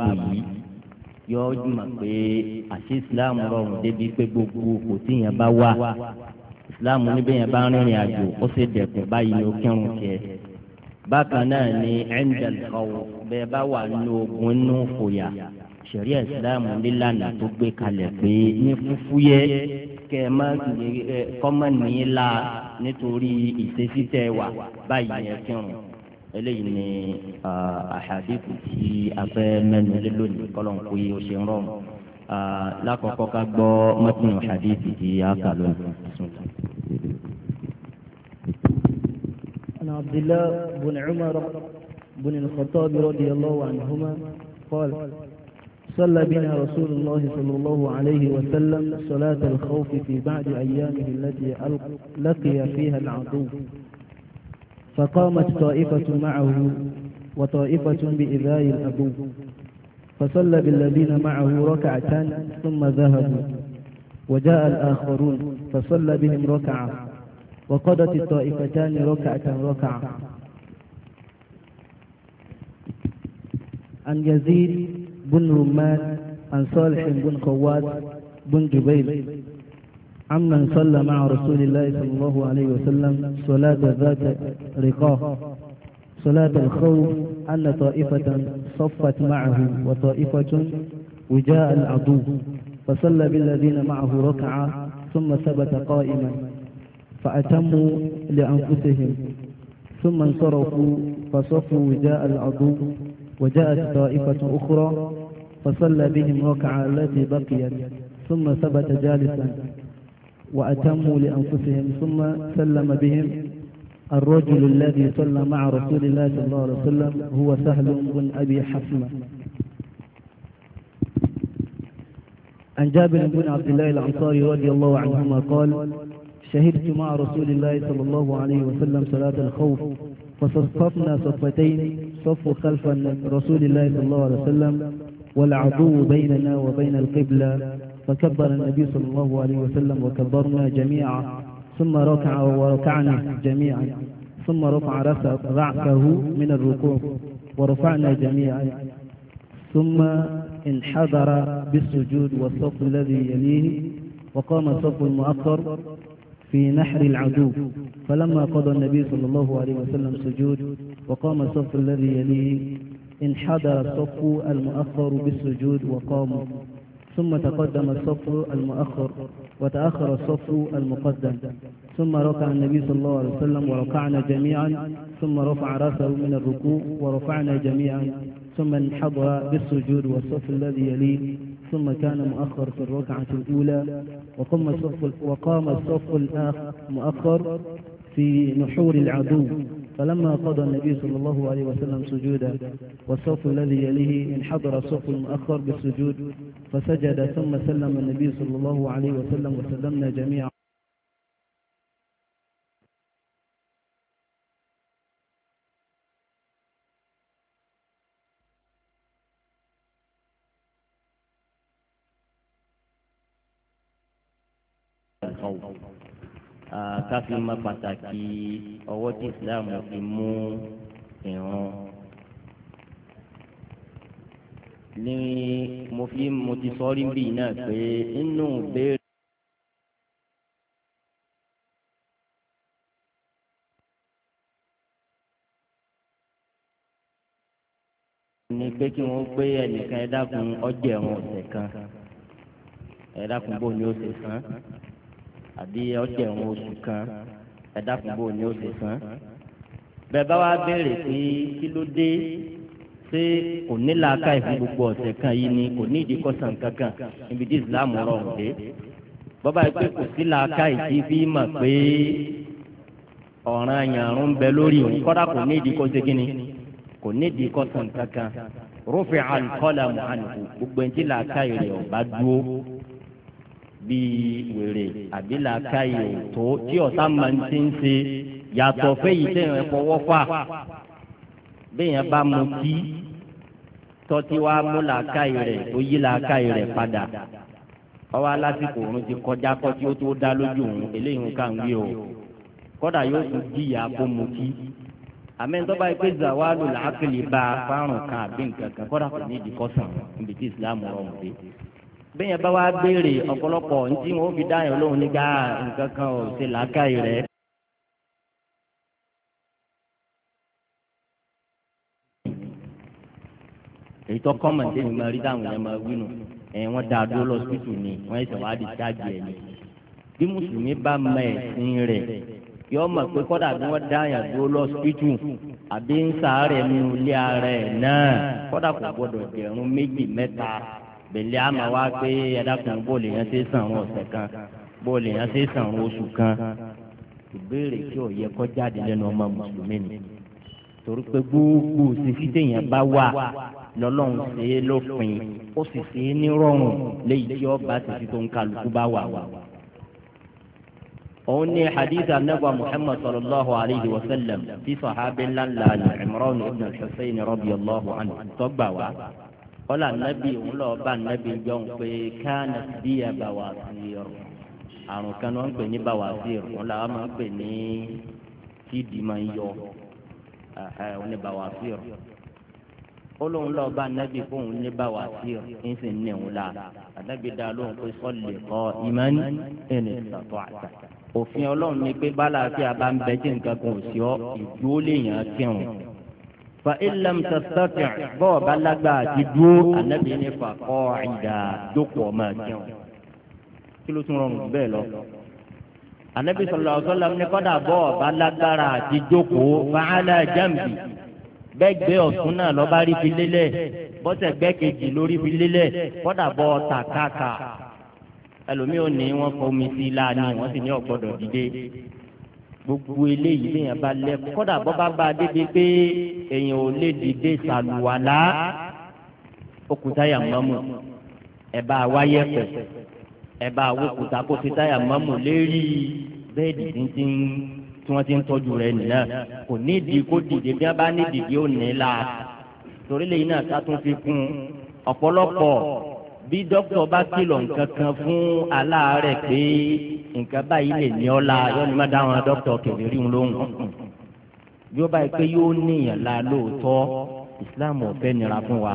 bá yìí yọ ọdún mà pé àṣé islam rọrùn débi pé gbogbo kò tí yẹn bá wà islam níbẹ̀ yẹn bá rìnrìn àjò ó sì dẹ̀kun báyìí ní okẹ́rùn kẹ́ bákan náà ni angel kọ́wọ́ bẹ́ẹ̀ bá wà ní ogun inú fòyà sẹ̀ríà islam nílànà tó gbé kalẹ̀ pé ní fúfú yẹ kẹ́ ẹ má kọ́mọ nìyí la nítorí ìṣesí tẹ́ wà báyìí yẹn kírun eléyìí ni àhàdìkù tí a fẹ́ mẹ́nu lé lónìí kọ́lọ́n kó yé o ṣe ń rọrùn lákọ̀ọ́kọ́ ká gbọ́ mọ́tìnù àhàdìkù tí a kà lónìí. عن عبد الله بن عمر بن الخطاب رضي الله عنهما قال صلى بنا رسول الله صلى الله عليه وسلم صلاة الخوف في بعض أيامه التي لقي فيها العدو فقامت طائفة معه وطائفة بإذاء الأبو فصلى بالذين معه ركعتان ثم ذهبوا وجاء الآخرون فصلى بهم ركعة وقضت الطائفتان ركعة ركعة عن يزيد بن رمان عن صالح بن قواد بن جبير عمن صلى مع رسول الله صلى الله عليه وسلم صلاة ذات رقاه صلاة الخوف أن طائفة صفت معه وطائفة وجاء العدو فصلى بالذين معه ركعة ثم ثبت قائما فأتموا لأنفسهم ثم انصرفوا فصفوا وجاء العدو وجاءت طائفة أخرى فصلى بهم ركعة التي بقيت ثم ثبت جالسا وأتموا لأنفسهم ثم سلم بهم الرجل الذي صلى مع رسول الله صلى الله عليه وسلم هو سهل بن أبي حسمة عن جابر بن عبد الله الأنصاري رضي الله عنهما قال شهدت مع رسول الله صلى الله عليه وسلم صلاة الخوف فصفنا صفتين صف خلف رسول الله صلى الله عليه وسلم والعدو بيننا وبين القبلة فكبر النبي صلى الله عليه وسلم وكبرنا جميعا ثم ركع وركعنا جميعا ثم رفع رأسه من الركوع ورفعنا جميعا ثم انحدر بالسجود والصف الذي يليه وقام الصف المؤخر في نحر العدو فلما قضى النبي صلى الله عليه وسلم سجود وقام الصف الذي يليه انحدر الصف المؤخر بالسجود وقام ثم تقدم الصف المؤخر وتأخر الصف المقدم ثم ركع النبي صلى الله عليه وسلم وركعنا جميعا ثم رفع رأسه من الركوع ورفعنا جميعا ثم انحضر بالسجود والصف الذي يليه ثم كان مؤخر في الركعة الأولى وقام الصف وقام الصف الآخر مؤخر في نحور العدو فلما قضى النبي صلى الله عليه وسلم سجودا والصف الذي يليه انحدر الصف المؤخر بالسجود فسجد ثم سلم النبي صلى الله عليه وسلم وسلمنا جميعا ká fi mọ pàtàkì ọwọ́ tí islam fi mú ìrun. ní mo fi mo ti sọ rí bíi náà pé inú béèrè. ni pé kí wọn gbé ẹnìkan ẹ dákun ọjẹ ẹwọn ọ̀sẹ̀ kan ẹ dákun bò ní ọ̀sẹ̀ kan àbí ọjọ́ ìwọ̀n oṣù kan ẹ̀dá fúnbó ni ó ti san. bẹ́ẹ̀ bá wá béèrè pé kí ló dé ṣé kò ní làákàyè fún gbogbo ọ̀sẹ̀ kan yìí ni kò ní ìdíkọ̀sán kankan níbi tí Islam rọrùn dé. bọ́bá yìí pé kò sí làákàyè tí fi mọ̀ pé ọ̀ràn àyàrún bẹ lórí òun kọ́dà kò ní ìdíkọ̀sán kínní kò ní ìdíkọ̀sán kankan. rufi al-qalam anhu gbogbo ẹni tí làákàyè rẹ̀ ọ̀ bíi wèrè àbí làákàyè òtó tí ọ̀tá máa ń ti ń ṣe yàtọ̀ fẹ́yìí tẹ̀yàn fọwọ́ fà bẹ́yàn bá mutí tọ́tí wa mú làákàyè rẹ̀ tó yí làákàyè rẹ̀ padà ọwọ́ alásìkò òun ti kọjá kọ́tí ó tó dá lójú òun eléyìí nǹkan wí o kọ́dà yóò tún jìyà kó mutí àmẹ́ńtọ́ba yìí pé zawalu làákìlì bá a fárùn kan àbí nǹkan kan kọ́dà kò ní ìdíkọ́sàn níbi tí ìsìlámù rọrùn dé bẹ́yẹn bá wá béèrè ọ̀pọ̀lọpọ̀ ntí wọn ó fi dá yẹn lóhùn nígbà nǹkan kan ò ṣe làákàyè rẹ̀. èyí tó kọ́ mọ̀ níbi máa rí táwọn yẹn máa wí nù ẹ̀ wọ́n dá a dúró lọ́sítù ni wọ́n ẹ̀sẹ̀ wá di ṣáàjì ẹ̀ ni. bí mùsùlùmí bá mọ ẹ̀sìn rẹ̀ yọ mọ̀ pé kọ́dà bí wọ́n dá yẹn dúró lọ́sítù àbí ń sàárẹ̀ nínú ilé ara ẹ̀ náà kọ́dà kò gbọ́dọ̀ dẹ̀rùn méjì mẹ́ta bẹ̀lẹ́ àmọ́ wá pé ẹ̀dá kan bóòlù yẹn ti sàn wọn ọ̀sẹ̀ kan bóòlù yẹn ti sàn wọn oṣù kan ìbéèrè tí ò yẹ kó jáde lẹ́nu ọmọ mùsùlùmí ni torí pé gbogbo sísí téèyàn bá wà lọ́lọ́run ṣe é lópin ó sì ṣe é nírọ̀rùn léyìí tí ọba sísí tó ń kálukú bá wà wà. òun ní hadith anabi muhammad sallallahu alayhi wa sallam tí sahabi ńlá ni imran ibn husayn radiyallahu anhu tó gbà wá kọ́lá nẹ́bí òun lọ bá nẹ́bí jọ ń pé káànà bí ẹ bá wà sí ọ̀rọ̀ àrùn kan náà ń pè ní bá wà sí ọ̀rọ̀ wọn làwọn máa ń pè ní tíìdì máa ń yọ òun ní bá wà sí ọ̀rọ̀ ó lóun lọ bá nẹ́bí fóun ní bá wà sí ọ̀rọ̀ ń sì ní òun la àdẹ́bí dá lóun pé sọ́ọ̀lì kọ́ ìmánì ẹ̀nì ìtàtọ̀ àtà òfin ọlọ́run ni pé bá làásì àbá ń bẹ nǹkan kan ò sí ọ ìdúró lè yàn án kírun fa ilam tastati bọ́ọ̀ bá lágbàá ti dúró anabi ní fa qa'ida jókòó máa jẹun kí ló tún rọrùn bẹ́ẹ̀ lọ. anabi sallallahu alaihi wasallam ní kọ́dà bọ́ọ̀ bá lágbára ti jókòó fa jambi bẹ́ẹ̀ gbé ọ̀tún náà lọ́ba fi lélẹ̀ bọ́sẹ̀ gbẹ́ kejì lórí fi lélẹ̀ kọ́dà bọ́ tàkàkà ẹlòmíì ò ní wọ́n fọmi sí i láàánú wọ́n sì ní ọ̀gbọ́dọ̀ dìde gbogbo eléyìí lèèyàn bá lẹ kódà bọ́ bá bá a débi pé èèyàn ò lè dìde sàlùwàlá òkúta yà mọ́mù ẹ̀ bá a wáyé pẹ̀ ẹ̀ bá a wó kúta kó fi táyà mọ́mù lérí bẹ́ẹ̀dì títí tí wọ́n ti ń tọ́jú rẹ̀ nìyà kò nídìí kó dìde bí wọ́n bá nídìí yóò ní la torí lèyìn náà ká tún fi kún ọ̀pọ̀lọpọ̀ bí dókítà bá kìlọ̀ nǹkan kan fún aláàárẹ̀ pé nǹkan báyìí lè ní ọ́ la yóò ní má dá dókítà kẹfẹ́ rí wọn lóhùn yóò báyìí pé yóò níyàn la lóòótọ́ islam ọ̀fẹ́ nira fún wa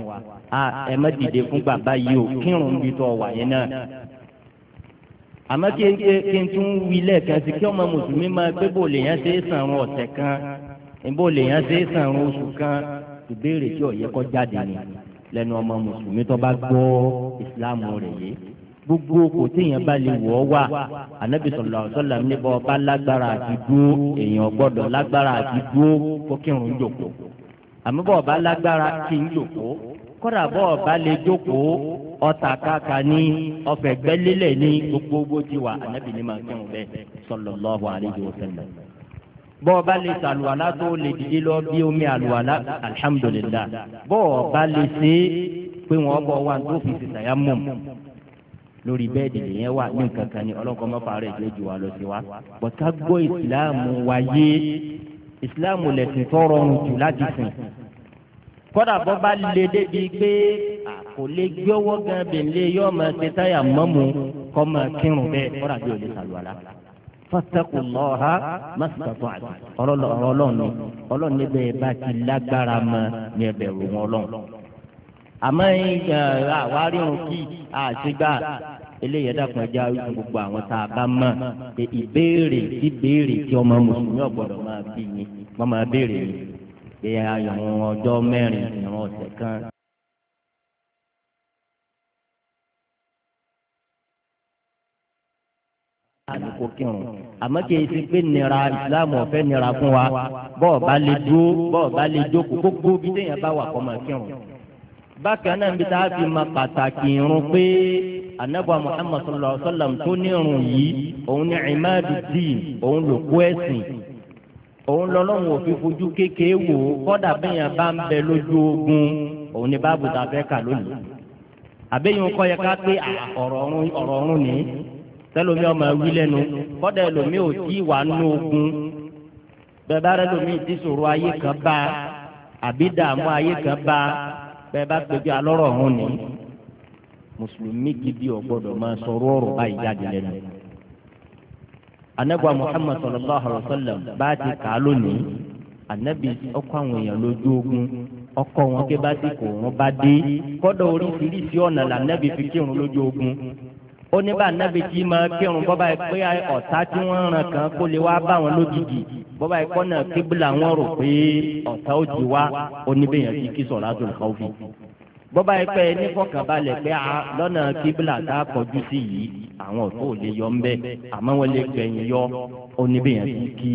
a ẹ má dìde fún bàbá yìí o kírun bí tọ́ wà yẹn náà àmọ́ kí n ké kí n tún wí lẹ́ẹ̀kan sí kí ọmọ mùsùlùmí máa gbé bò lèèyàn ṣe é sàn ọ̀sẹ̀ kan bò lèèyàn ṣe é sàn oṣù kan ìbéèrè tí ó yẹ kó jáde nìyẹn lẹ́nu ọmọ mùsùlùmí tó bá gbọ́ ìsìláàmù rẹ̀ yé gbogbo kò téèyàn bá lè wọ́ wà anabi sallallahu alaihi wasallam níbọ̀ bá lágbára àti dúró èèyàn gbọ́dọ̀ lágbára àti dúró kó kírun jòkó àmọ́ bọ̀ bá lágbára kí n jòkó kódà bọ̀ bá lè jòkó ọta kaka ní ọfẹ gbẹlélẹ̀ ní gbogbo bó anabi ní ma kírun bẹ́ẹ̀ sallallahu alaihi wasallam bọ́ọ̀ba lè sàlùwàlá tó lè dìde lọ bí omi àlùwàlá alhamdulillah bọ́ọ̀ba lè ṣe pé wọ́n bọ̀ wá tó fi ṣiṣẹ́ ya mọ̀ lórí bẹ́ẹ̀dì nìyẹn wà ní nǹkan kan ní ọlọ́kọ́ mọ́fà rẹ̀ jẹ́ jù wá lọ sí wa bọ̀tá gbọ́ ìsìláàmù wáyé ìsìláàmù lẹ̀sìn tó rọrùn jù láti sìn kọ́dà bọ́ bá lè débi pé kò lè gbọ́wọ́ gan bèlè yọ́ọ́ máa ṣe táyà mọ́mú kọ́ máa kírun bẹ́ẹ̀ kọ́dà bí ò lè sàlùwàlá fattaqullaha mastata'tu ọlọ́run ni ọlọ́run ní bẹ́ẹ̀ bá ti lágbára mọ́ ní ẹ̀bẹ̀ rò wọn ọlọ́run. àmọ́ àwárí òun kí àṣegbà eléyìí dàpọ̀ ẹja ojú gbogbo àwọn tá a bá mọ̀ pé ìbéèrè tí béèrè tí ọmọ mùsùlùmí ọ̀gbọ́dọ̀ máa bí ni wọ́n máa béèrè ni pé àyàn ọjọ́ mẹ́rin ìran kan àníkó kírun àmọ́ kì í ṣe pé nira ìsìláàmù ọ̀fẹ́ nira fún wa bọ́ọ̀ bá lè dúró bọ́ọ̀ bá lè jókòó gbogbo bí téèyàn bá wà kọ́ máa kírun. bákan náà níbi tá a fi máa pàtàkì irun pé anabu muhammad sallallahu alaihi wa sallam tó ní irun yìí òun ní imadu dín òun ló kó ẹ̀sìn òun lọ́lọ́run òfin fojú kékeré wò kọ́dà bẹ́yàn bá ń bẹ lójú ogun òun ní báàbù tá a fẹ́ kà lónìí àbẹ́yìn kọ́ yẹ ká pé ọ̀rọ̀ ọ̀run ni tẹlomi ọmọ wí lẹ́nu kọ́dà ẹlòmí ò tí wà nù ogun bẹ́ẹ̀ bá rẹ lómi ti sòrò ayé kan bá àbí dààmú ayé kan bá bẹ́ẹ̀ bá péjú alọ́rọ̀ ọ̀hún mùsùlùmí gidi ò máa sọ̀rọ̀ ọ̀rọ̀ báyìí jáde lẹ́nu. anagba muhammad sallallahu alayhi wa sallam bá a ti kà á lónìí anabi ọkọ àwọn èèyàn lójú ogun ọkọ wọn ké bá ti kò wọn bá dé kọ́dọ̀ oríṣiríṣi ọ̀nà lànàbì fi kírun lójú ogun ó ní bá anábì tí máa kírun bọ́ba yìí pé ọ̀tá tí wọ́n ràn kàn kó lè wá bá wọn lójijì bọ́ba yìí kọ́ náà kíbla wọn rò pé ọ̀tá ó ti wá ó ní bẹ́ẹ̀ yẹn ti kí solatul khawfi bọ́ba yìí pé nífọ̀kànbalẹ̀ pé a lọ́nà kíbla tá kọjú sí yìí àwọn ọ̀tá ò lè yọ ńbẹ àmọ́ wọn lè gbẹ̀yìn yọ ó ní bẹ́ẹ̀ yẹn ti kí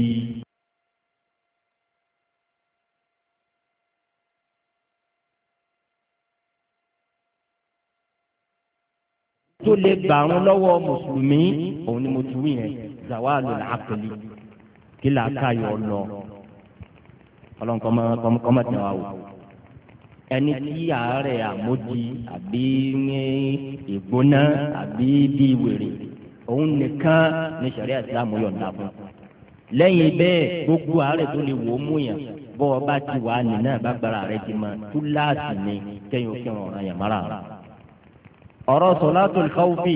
tó lè gbàrún lọ́wọ́ mùsùlùmí òun ni mo ti wí yẹn zawalu làákìlì kí làákà yọ lọ ọlọ́run kọ́mọ tẹ̀ wá o ẹni tí àárẹ̀ àmójì àbí ní ìgbóná àbí bí wèrè òun nìkan ní sàríà ìsìlámù yọ̀ǹda fún lẹ́yìn bẹ́ẹ̀ gbogbo àárẹ̀ tó lè wò ó mú yàn bọ́ ọ bá ti wà nínú àbágbára rẹ ti mọ túláàsì ni kẹ́yìn òfin ọ̀ràn yàn rà ọ̀rọ̀ sọ̀látùl khawfi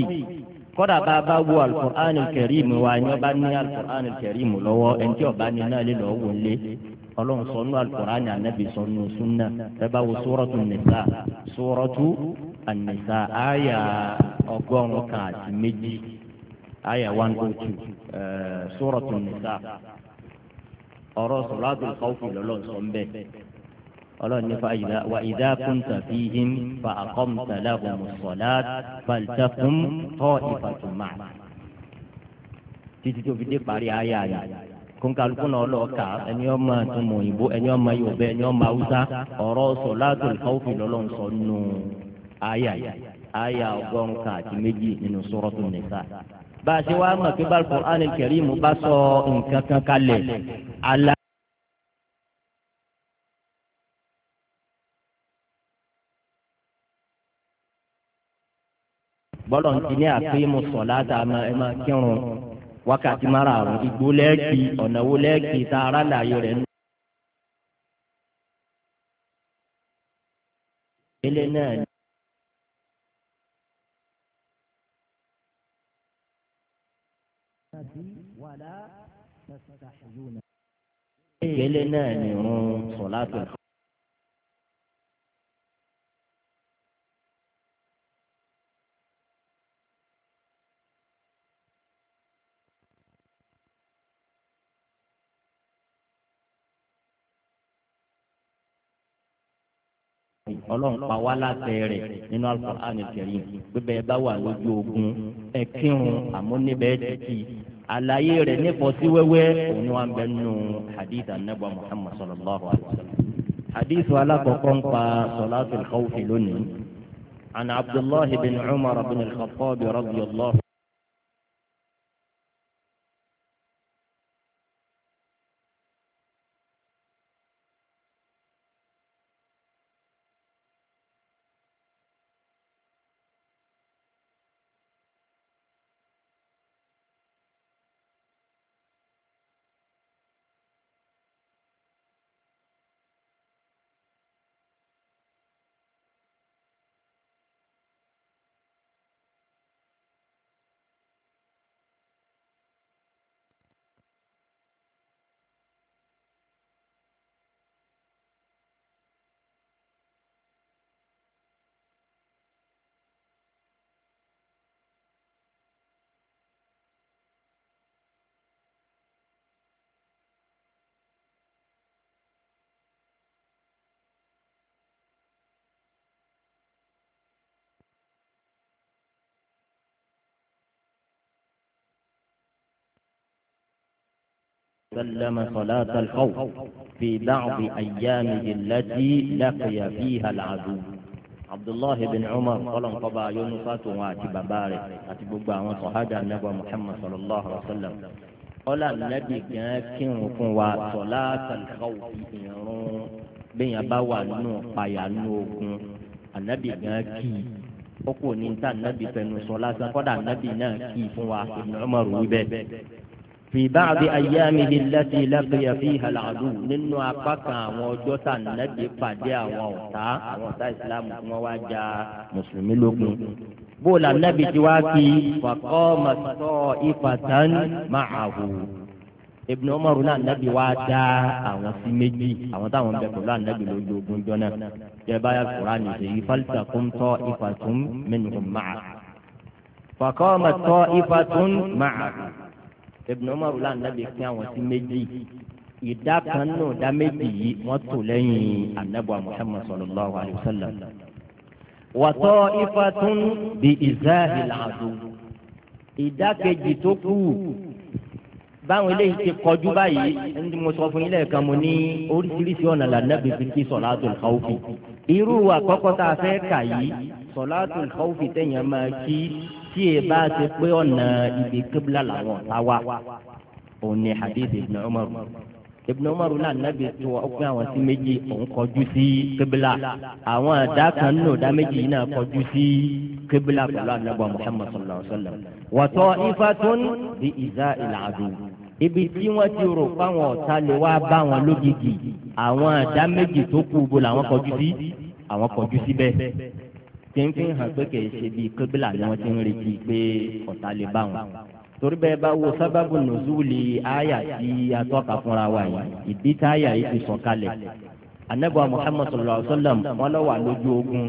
kọ́dà bá a bá wo alukur'an kẹrìmù wa ni ọba ní alukur'an kẹrìmù lọ́wọ́ ẹni tí ọba ní náà lè lọ́ọ́ wò lé ọlọ́run sọnù alukur'an anabi sọnù sunna ẹ̀bá wo sórọ́tù nìsa sórọ́tù ànìsa àyà ọgọ́rùn-ún kan àti méjì àyà one oh two sórọ́tù nìsa ọ̀rọ̀ sọ̀látùl khawfi lọ́lọ́run sọ ọlọ́run ní fàyídà wà ìdá kúntà fi him fa àkọ́mùtà láhùn sọ̀lá fàlítàkùn tọ́ ìfàtùmá. títí tó fi dé parí ayé ayé kónkálukú náà lọ kà ẹni ọmọ àtúmọ̀ òyìnbó ẹni ọmọ yorùbá ẹni ọmọ haúsá ọ̀rọ̀ sọ látòlù káwọ́fì lọ́lọ́ sọ nù ayé ayé ọgọ́rùn ká àti méjì nínú sọ́rọ́tò nìsa. bá a ṣe wá mọ̀ pé bá Al-Qur'an Al-Karim bá sọ nǹkan kan kalẹ̀ alá. bọ́lọ̀ ti ní àpéyìmù sọ̀láta ẹ máa kírun wákàtí márààrún igbó lẹ́ẹ̀kì ọ̀nà wo lẹ́ẹ̀kì tá ara láàyè rẹ̀ ń. ilé náà ní. ìpele náà ni irun sọ̀láta ọlọ́run pa wá láti rẹ̀ nínú Al-Qur'an Al-Karim bíbẹ̀ bá wà lójú ogun ẹ kírun àmọ́ níbẹ̀ títí àlàyé rẹ̀ nífọ̀sí wẹ́wẹ́ òun ni wọ́n bẹ nínú hadith anabu Muhammad sallallahu alayhi wa sallam hadith alakoko ń pa salatul khawfi lónìí. عن عبد الله بن عمر بن الخطاب رضي الله وسلم صلاة الخوف في بعض أيامه التي لقي فيها العدو عبد الله بن عمر قال انقضى يونس واتب بارك اتبقى وصحابة النبي محمد صلى الله عليه وسلم قال النبي كان وصلاة الخوف بين باوى نو قايا النبي كان ó kò ní النبي nàbì fẹnu sọ النبي kọ́dà nàbì náà kì í fún fi báàbí ayámihi lẹ́sìn lẹ́kìyà fi hàlàdù nínú apá kan àwọn ọjọ́ tá nàbí pàdé àwọn ọ̀tá àwọn ọ̀tá ìsìlámù tí wọ́n wá ja mùsùlùmí lógun. bóòlà nàbí tí wàá kí fàkọ́ màtọ́ ìfàtàn máàhù. Ibn Umar náà nàbí wàá dá àwọn sí méjì àwọn táwọn bẹ pẹ̀lú ànábì lójú ogun jọ́nà. jẹ́ báyà Kùránì èyí faltakumtọ́ ìfàtún minhum máà. fàkọ́ màtọ́ ìfàtún Ibn Umar la Ànábì pín àwọn sí méjì ìdá kan náà dá méjì yìí wọ́n tò lẹ́yìn Ànábì Muhammad sallallahu alayhi wa sallam. wa ta'ifatun bi izahil adu ìdá kejì tó kù báwọn eléyìí ti kọjú báyìí ẹni mo sọ fún yín lẹ́ẹ̀kan mo ní oríṣiríṣi ọ̀nà lànàbí fi kí sọ̀láàtò lọ́wọ́fì irú àkọ́kọ́ tá a fẹ́ kà yìí sọ̀láàtò lọ́wọ́fì tẹ̀yàn máa kí tí e bá ti pé ọ̀nà ibi kébìlà làwọn ọ̀tá wa òun ni hadith ibn umar ibn umar la nabi tí wọn pín àwọn sí méjì òun kọjú sí kébìlà àwọn àdá kan nínú ọ̀dá méjì náà kọjú sí kébìlà pẹ̀lú anabi muhammad sallallahu alaihi wa sallam wa ta'ifatun bi iza ìlàdù ibi tí wọ́n ti rò fáwọn ọ̀tá lè wá bá wọn lójijì àwọn àdá méjì tó kú bo làwọn kọjú sí àwọn kọjú síbẹ̀ tí ń fi hàn pé kì í ṣe bíi kébìlà ni wọ́n ti ń retí pé ọ̀tá lè bá wọn. torí bẹ́ẹ̀ bá wo sábàbù nùzúlì àyà tí a tọ́ka fúnra wa yìí ìdí tá àyà yìí ti sọ̀ kalẹ̀. anábọ̀ muhammad sallallahu alayhi wa sallam wọn lọ wà lójú ogun.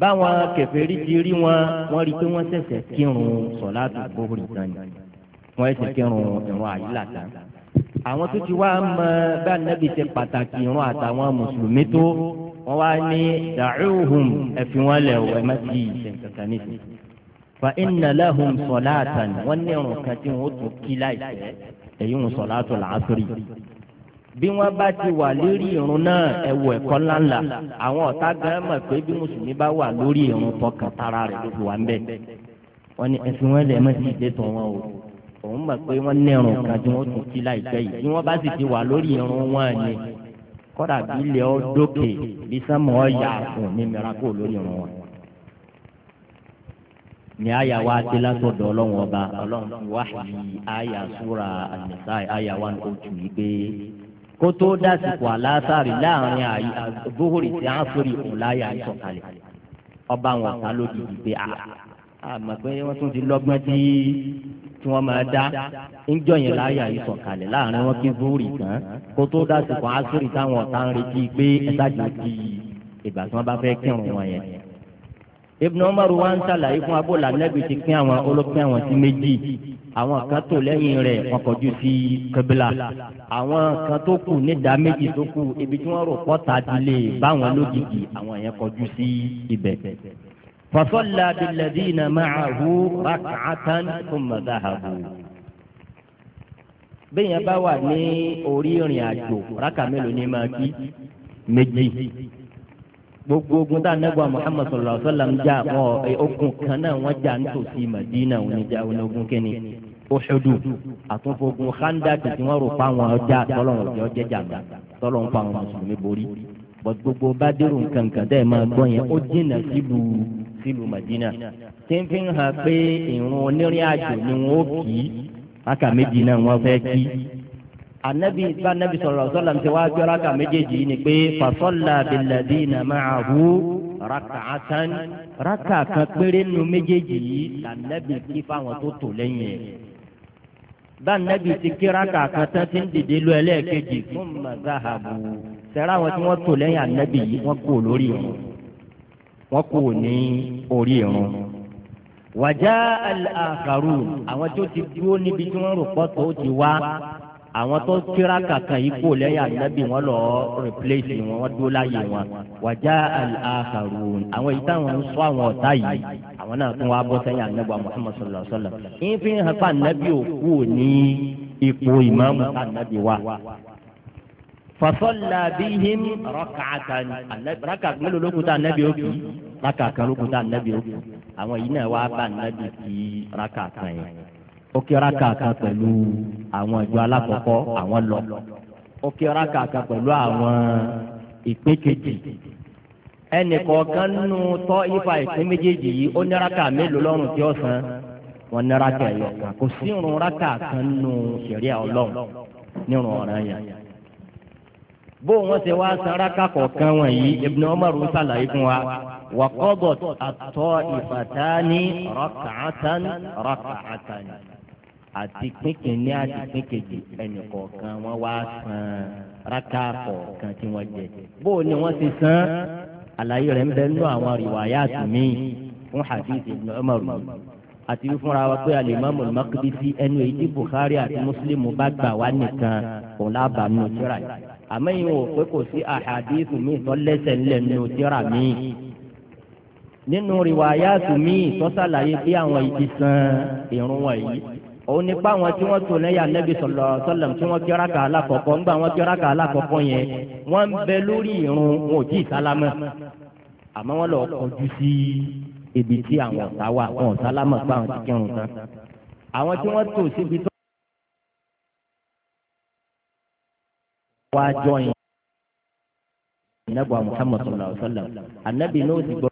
báwọn kèfèrí ti rí wọn wọ́n rí i pé wọ́n ṣẹ̀ṣẹ̀ kírun sọ̀láàtù gbóhùn ìtàn yìí wọ́n ṣẹ̀ṣẹ̀ kírun ìrun àyílà tán àwọn tó ti wá mọ wọ́n wá ní da'uhum ẹ̀fí wọn lẹ̀ wọ ẹ̀ má sí ìṣẹ̀ kankan níbi. fa inna lahum salatan wọ́n ní ọ̀rùn kan tí wọ́n tún kí láìpẹ́ èyí ń salatul asri bí wọn bá ti wà lórí irun náà ẹwọ ẹ̀kọ́ ńláńlá àwọn ọ̀tá gan mọ̀ pé bí mùsùlùmí bá wà lórí irun tọkàn tara rẹ̀ ló fi wà ń bẹ̀. wọn ní ẹsìn wọn lè mọ sí òun mọ̀ pé wọ́n ní irun kan tí wọ́n tún kí láìpẹ́ yìí bí wọ́n bá sì ti wà lórí irun wọn ni kọ́dà bí ilẹ̀ ọ dókè bí sẹ́mu ọ yà fún ní mìíràkó lórí ọ̀run wọn. ní àyà wa ti látọ̀dọ̀ ọlọ́run ọba ọlọ́run wá yí àyà súra àmìsá àyà wa kò tù yí pé kó tó dásìkò àlásàrì láàrin àgbóhùrì tí a ń sórí ìkùnláyà ìsọ̀kalẹ̀ ọba wọn ta ló dìbò pé àmọ̀ ah, ah, ah, pé wọ́n tún ti lọ́gbọ́n tí tí wọ́n máa dá ńjọ yẹn láyà yìí sọ̀kalẹ̀ láàrin wọn kí zúrì tán kó tó dásìkò àṣírí táwọn ọ̀tá ń retí pé ẹ̀dájú ti ìgbà tí wọ́n bá fẹ́ kírun wọn yẹn. Ibn Umar wa ń ṣàlàyé fún abúlé anábì ti pín àwọn olópin àwọn sí méjì àwọn kan tó lẹ́yìn rẹ̀ wọ́n kọjú sí kébìlà àwọn kan tó kù nídàá méjì tó kù ibi tí wọ́n rò pọ́ta ti lè bá àwọn lójijì àwọn yẹn kọjú sí ibẹ̀. فصلى بالذين معه ركعة ثم ذهبوا بين بواني bá wà ní orí ìrìn مجي. rákà mélòó ni máa kí méjì gbogbo ogun tá a nẹ́gbà Muhammad sallallahu alaihi wa sallam jà wọn ogun kan náà wọ́n jà nítòsí Madina oníjà onígun kínní Uhudu àtúnfogun Khandaq tí wọ́n rò pa àwọn ọjà tọ́lọ́wọ́n ọjọ́ jẹ́jà mọ́ tọ́lọ́wọ́n pa àwọn mùsùlùmí borí gbogbo bá dérò nǹkan kan tẹ́ ẹ máa gbọ́ yẹn ó jìnnà sílùú sílùú Madina tí ń fi hàn pé ìrun onírìn àjò ni wọn ó kì í rákà méjì náà wọn fẹ́ kí. anabi bá anabi sọ̀rọ̀ sọ́lá ti wá gbé rákà méjèèjì ni pé fasọ́lá bìlẹ̀dì nàmá àhú rákà átán rákà kan péré nu méjèèjì yìí lànàbì kí fáwọn tó tò lẹ́yìn ẹ̀ bá anabi ti kí rákà kan tán ti ń dìde lọ ẹlẹ́ẹ̀kejì fún mazahabu sẹ́ra àwọn tí wọ́n tò lẹ́yìn anabi yìí wọ́n kú lórí wọn wọ́n kù ní orí irun. wàjà àkàrù àwọn tó ti dúró níbi tí wọ́n rò pọ̀ tó ti wá àwọn tó kíra kankan yìí kò lẹ́yìn ànábì wọn lọ rìpléṣì wọn wọn dúró láàyè wọn wàjà àkàrù àwọn yìí táwọn ń sọ àwọn ọ̀tá yìí àwọn náà tún wá bọ́ sẹ́yìn ànábì Muhammad sallallahu alaihi wasallam ń fi hàn fún ànábì òkú ní ipò ìmáàmù ànábì wa fasọ́lá bíhìm rákàtàn rákà mélòó lókun tá ànábì ó kì í rákà kan lókun tá ànábì ó kì í àwọn yìí náà wàá bá ànábì kí rákà kan yẹn ó kí rákà kan pẹ̀lú àwọn ìjọ alákọ̀ọ́kọ́ àwọn lọ ó kí rákà kan pẹ̀lú àwọn ìpín kejì ẹnì kọ̀ọ̀kan nínú tọ́ ifá ìpín méjèèjì yìí ó ní rákà mélòó san wọn ní rákà ẹ̀yọ̀ kan kò sí irun rákà kan nínú ṣẹ̀ríà ọlọ́run nírun ọ̀ràn yẹn bó wọn ṣe wá saraka kọ̀ọ̀kan wọ̀nyí Ibn Umar ṣàlàyé fún wa wa qadat at-ta'ifatani rak'atan rak'atan àti pínpín ní àti pínpín kejì ẹnì kọ̀ọ̀kan wọn wá san raka kọ̀ọ̀kan tí wọ́n jẹ bó ni wọ́n ti san àlàyé rẹ̀ ń bẹ nínú àwọn riwayat mi fún hadith Ibn Umar àti fúnra wa pé alimami Maqdisi ẹnu èyí tí Bukhari àti Muslim bá gbà wá nìkan òun lábàánú síra yìí àmọ́ yìí wò pé kò sí àhàdíìsù mi tó lẹ́sẹ̀ ńlẹ̀ nínú tíra mi nínú rìwáyàtù mi tó sàlàyé bí àwọn ìdí san ìrun wọ̀nyí òun ni pa àwọn tí wọ́n tò lẹ́yìn anabi sọlọ sọlọm tí wọ́n kíra kà alákọ̀ọ́kọ́ ńgbà wọ́n kíra kà alákọ̀ọ́kọ́ yẹn wọ́n ń bẹ lórí ìrun wọn ò tí ì sálámà àmọ́ wọ́n lọ kọjú sí ibi tí àwọn ọ̀tá wá jọyìn anabi muhammad sallallahu alaihi wa sallam anabi n'o ti gbọ́.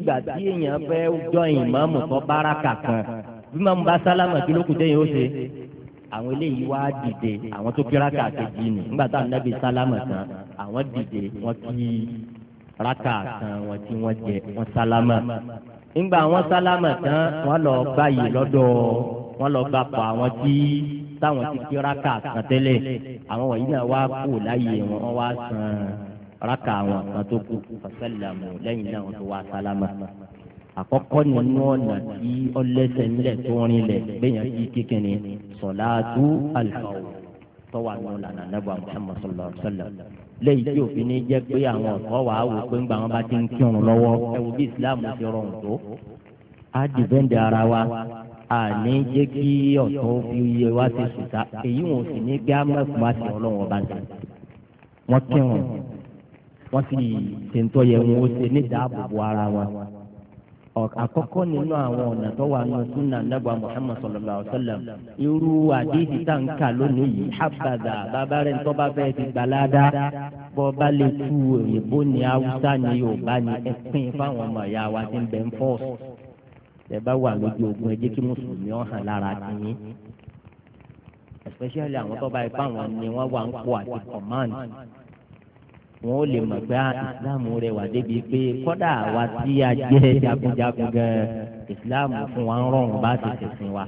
ìgbà tí èèyàn fẹ́ jọ ìmáàmù tó bára kàkan bí màmú bá sálámà kí ló kù téèyàn ó ṣe àwọn eléyìí wá dìde àwọn tó kíra kàkejì nì nígbà tá ànábì sálámà tán àwọn dìde wọn kí raka kan wọn tí wọn jẹ wọn sálámà nígbà wọn sálámà tán wọn lọ báyìí lọ́dọ̀ wọn lọ bá pa àwọn tí táwọn ti kíra kàkan tẹ́lẹ̀ àwọn wọ̀nyí náà wá kú láyé wọn wá sàn án rákà àwọn kan tó kù fàṣẹlẹmù lẹ́yìn náà wọn tó wá sálámà àkọ́kọ́ nínú ọ̀nà tí ọlẹ́sẹ̀ ńlẹ̀ tó rinlẹ̀ gbẹ̀yàn sí kékeré sọ̀láàdú àlùfáà tọ́wà nù lànà nàbà Muhammad sallallahu alaihi wasallam lẹ́yìn tí òfin ní jẹ́ pé àwọn ọ̀tọ́ wà á wò pé ńgbà wọn bá ti ń kírun lọ́wọ́ ẹ bí Islam ti rọrùn tó á dìbẹ́ǹdì ara wa à ní jẹ́ kí ọ̀tọ́ fi iye wa ti sùta èyí wọn ò sì ní gbé amẹ́kùn àti ọlọ́wọ́n bá ń sè wọ́n kírun wọ́n sì ṣèǹtọ́ yẹ wọn ó ṣe ní ìdáàbòbò ara wọn. àkọ́kọ́ nínú àwọn ọ̀nà tó wà nínú súnà nàgbà Muhammad sallallahu alaihi wasallam irú àdéhì tá n kà lónìí yìí habada bàbá rẹ̀ tó bá fẹ́ ti gbalada bọ́ bá lè tu òyìnbó ni haúsá ni yorùbá ni ẹ̀pin fáwọn ọmọ ìyá wa ti ń bẹ̀ ń fọ́ ẹ bá wà lójú ogun ẹ jẹ́ kí mùsùlùmí ọ̀hàn lára tiyín especially àwọn tó bá ipá wọn ni wọ́n wà ń kó àti command wọn ò lè mọ̀ pé islam rẹwà débi pé kọ́dà wa tí a jẹ́ jagunjagun gan islam fún wa ń rọrùn bá ti tẹ̀sìn wa.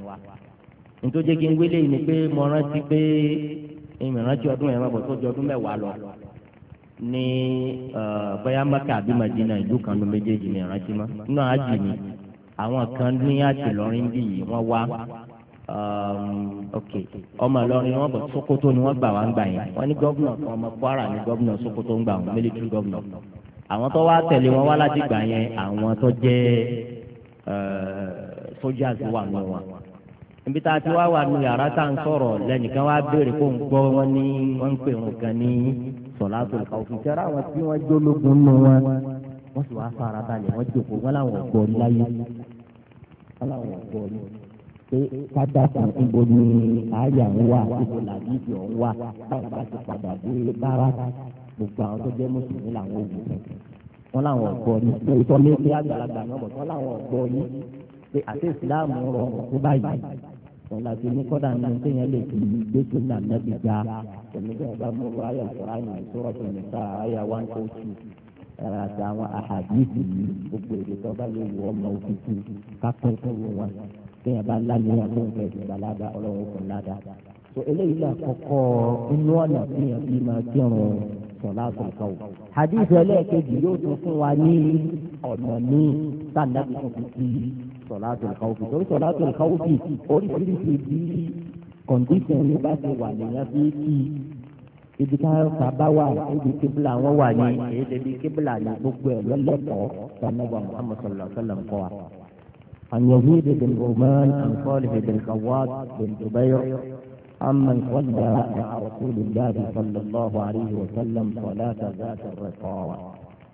nítorí kí n ni pé mo rántí pé ìrántí ọdún yẹn mọ̀ tó di ọdún mẹ́wàá lọ ní bóyá mẹ́kà àbí madina ìlú kan ló méjèèjì ní ìrántí mọ́ nínú àjì mi àwọn kan ní àtìlọrin bíi wọ́n wá Um, ok ọmọ ìlọrin wọn bọ sokoto ni wọn gbà wá ń gbà yẹn wọn ní gọvnọ ọmọ kwara ní gọvnọ sokoto ń gbà wọn military gọvnọ àwọn tó wá tẹ̀lé wọn wá láti gbà yẹn àwọn tó jẹ́ uh, soldiers wà nù wọn níbi tá a ti wá wà nù yàrá tá à ń sọ̀rọ̀ lẹ́nìkan wá béèrè kó ń gbọ́ wọn ní wọ́n ń pè wọn kan ní sọ̀láàtò òfin tẹ́ra wọn tí wọ́n jólógun nù wọn wọ́n sì wá fara balẹ̀ wọ́n jòkó wọn làwọn gbọ́ láyé wọn làwọn gbọ́ ní pé kádàkùn níbo ni àyà ń wà níbo làbíbi ọ̀hún wà báwọn bá ti padà dé bára gbogbo àwọn tó jẹ́ mùsùlùmí làwọn ò wù wọn làwọn ọ̀gbọ́n ni ìtọ́ lé ní àgbàlagbà náà bọ̀ wọn làwọn ọ̀gbọ́n ni pé àti ìsìláàmù rọrùn tó báyìí ọ̀la ti ní kọ́dà ní ọdún yẹn lè fi gbèsè náà lẹ́bi já ẹ̀mí bẹ́ẹ̀ bá mú wa ayọ̀ ìṣòro tó ní ká ayà one oh àti àwọn àhàdìsì yìí gbogbo èdè tó bá lè wọ ọmọ òfin kápẹ́ bẹ́ẹ̀ bá lágbára fún ìfẹ́ ìjọba ládàá ọlọ́run kò ládàá. tó eléyìí là kọ́kọ́ inú ọ̀nà tí yẹn fi máa kírun sọ̀lá sọ̀kọ̀ o. hadith ẹlẹ́ẹ̀kejì yóò tún fún wa ní ọ̀nà ní sàdáàbí tuntun ti sọ̀lá sọ̀kọ̀ o. torí sọ̀lá sọ̀kọ̀ o fi oríṣiríṣi bí kọ̀ǹdíṣàn ní bá ti wà nìyẹn fi kí ibi ká bàbá wà ibi kíbla wọn wà ní èyí tẹbi ní gbogbo ẹ lọlẹtọọ sọmọgbà muhammed sallallahu alaihi wa. عن يزيد بن رومان عن صالح بن خواد بن جبير عمن صلى مع رسول الله صلى الله عليه وسلم صلاة ذات الرقاوة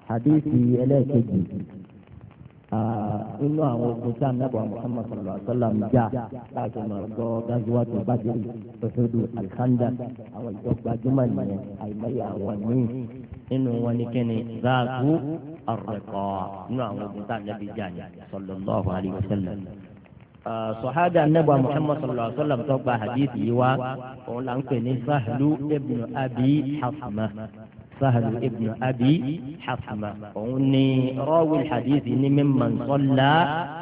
حديثي إلى كجي إلا آه، هو سلطان نبوة محمد صلى الله عليه وسلم جاء بعد ما رضى غزوة بدر أحد الخندق أو الجبة جمل من أي مياه وني إنه ونكني ذاك الرقاء نعم وقلتان نبي جاني صلى الله عليه وسلم آه، صحابة النبي محمد صلى الله عليه وسلم توقع حديثي وقال وقلت أنك سهل ابن أبي حصمة sahlu ibnu abi hasma òun ni rawil hadithi ni mimman salla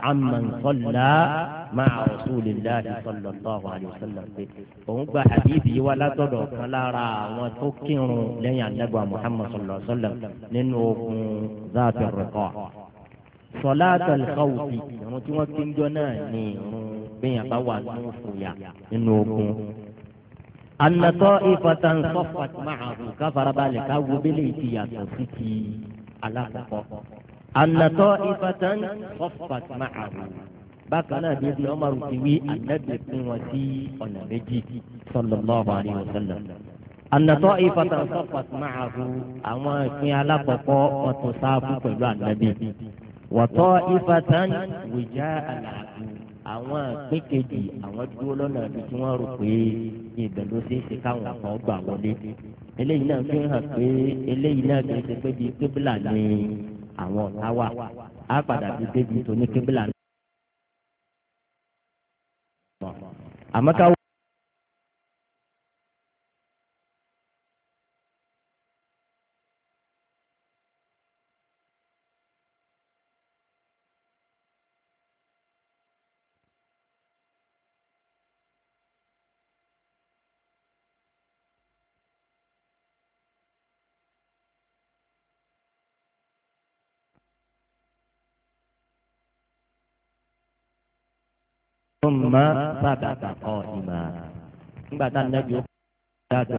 amman salla ma'a rasulillahi sallallahu alayhi wa sallam pé òun gba hadithi yìí wá látọ̀dọ̀ kan lára àwọn tó kírun lẹ́yìn anábọ̀ muhammad sallallahu alayhi wa sallam nínú ogun zaati riqa sọláàtà lẹ́kọ̀ọ́sì ìrun tí wọ́n ti ń jọ náà ni ìrun bẹ́yìn àbáwá tó ń fòyà nínú ogun anatọ ifatan sọfat ma'ahu káfarabalẹ̀ káwo bẹ́lẹ̀ ti yàtọ̀ sí ti alákọ̀ọ́kọ́ anatọ ifatan sọfat ma'ahu bákan náà bíbí Umar ti wí anabi fún wọn sí ọ̀nà méjì sallallahu alaihi wasallam anatọ ifatan sọfat ma'ahu àwọn ìpín alákọ̀ọ́kọ́ ọ̀tún sáfù pẹ̀lú anabi wọ́tọ́ ifatan wìjà àlàyé àwọn àgbẹ̀ kejì àwọn dúró lọ́nà àbí tí wọ́n rò pé ibẹ̀ ló ṣeé ṣe káwọn kan gbà wọlé eléyìí náà fi hàn pé eléyìí náà kì í ṣe pé bíi kébìlà ni àwọn ọ̀tá wà á padà bíi débi tó ní kébìlà náà. àmọ́ tó ń mọ bàbà kọ́ ìmọ̀ nígbà